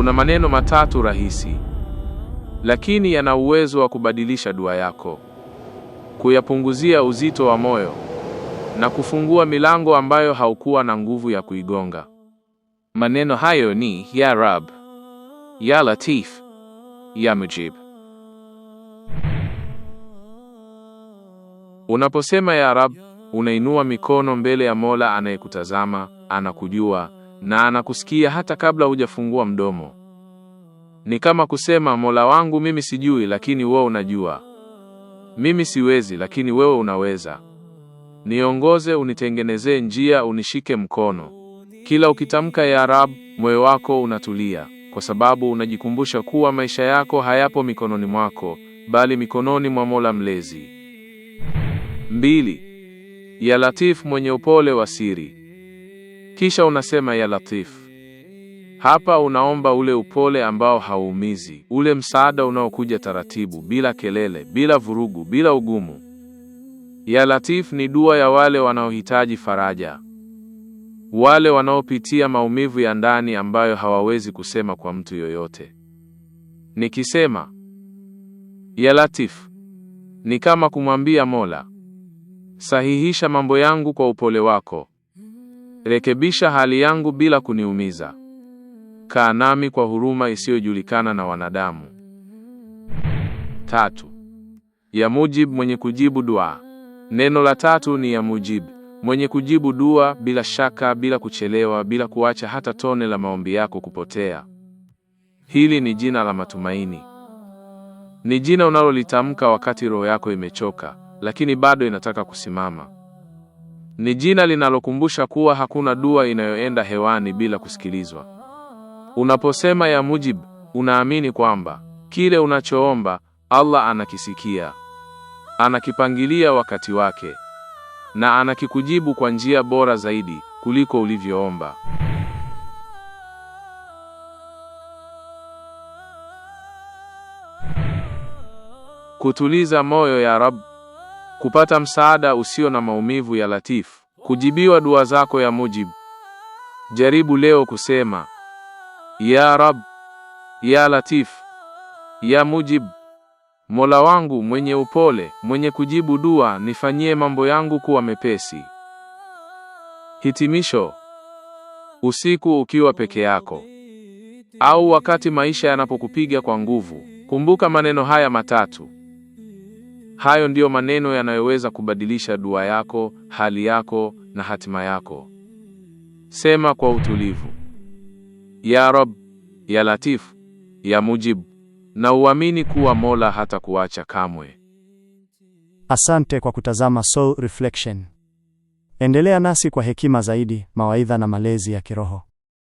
Kuna maneno matatu rahisi, lakini yana uwezo wa kubadilisha dua yako, kuyapunguzia uzito wa moyo na kufungua milango ambayo haukuwa na nguvu ya kuigonga. Maneno hayo ni ya Rab, ya Latif, ya Mujib. Unaposema ya Rab, unainua mikono mbele ya Mola anayekutazama, anakujua na anakusikia hata kabla hujafungua mdomo. Ni kama kusema, Mola wangu, mimi sijui, lakini wewe unajua. Mimi siwezi, lakini wewe unaweza. Niongoze, unitengenezee njia, unishike mkono. Kila ukitamka ya Rab, moyo wako unatulia, kwa sababu unajikumbusha kuwa maisha yako hayapo mikononi mwako, bali mikononi mwa Mola Mlezi. Mbili. Ya Latif, mwenye upole wa siri. Kisha unasema ya Latif. Hapa unaomba ule upole ambao hauumizi, ule msaada unaokuja taratibu, bila kelele, bila vurugu, bila ugumu. Ya Latif ni dua ya wale wanaohitaji faraja, wale wanaopitia maumivu ya ndani ambayo hawawezi kusema kwa mtu yoyote. Nikisema ya Latif ni kama kumwambia Mola, sahihisha mambo yangu kwa upole wako. Rekebisha hali yangu bila kuniumiza. Kaa nami kwa huruma isiyojulikana na wanadamu. Tatu. Ya mujib, mwenye kujibu dua. Neno la tatu ni ya mujib, mwenye kujibu dua bila shaka, bila kuchelewa, bila kuacha hata tone la maombi yako kupotea. Hili ni jina la matumaini, ni jina unalolitamka wakati roho yako imechoka, lakini bado inataka kusimama. Ni jina linalokumbusha kuwa hakuna dua inayoenda hewani bila kusikilizwa. Unaposema ya mujib, unaamini kwamba kile unachoomba Allah anakisikia, anakipangilia wakati wake na anakikujibu kwa njia bora zaidi kuliko ulivyoomba. Kutuliza moyo ya Rabb kupata msaada usio na maumivu ya Latif, kujibiwa dua zako ya Mujib. Jaribu leo kusema ya Rab, ya Latif, ya Mujib, Mola wangu mwenye upole, mwenye kujibu dua, nifanyie mambo yangu kuwa mepesi. Hitimisho. Usiku ukiwa peke yako au wakati maisha yanapokupiga kwa nguvu, kumbuka maneno haya matatu. Hayo ndiyo maneno yanayoweza kubadilisha dua yako, hali yako na hatima yako. Sema kwa utulivu: Ya Rab, ya Latif, ya Mujibu, na uamini kuwa Mola kuacha kamwe. Asante kwa kutazama Soul Reflection. Endelea nasi kwa hekima zaidi, mawaidha na malezi ya kiroho.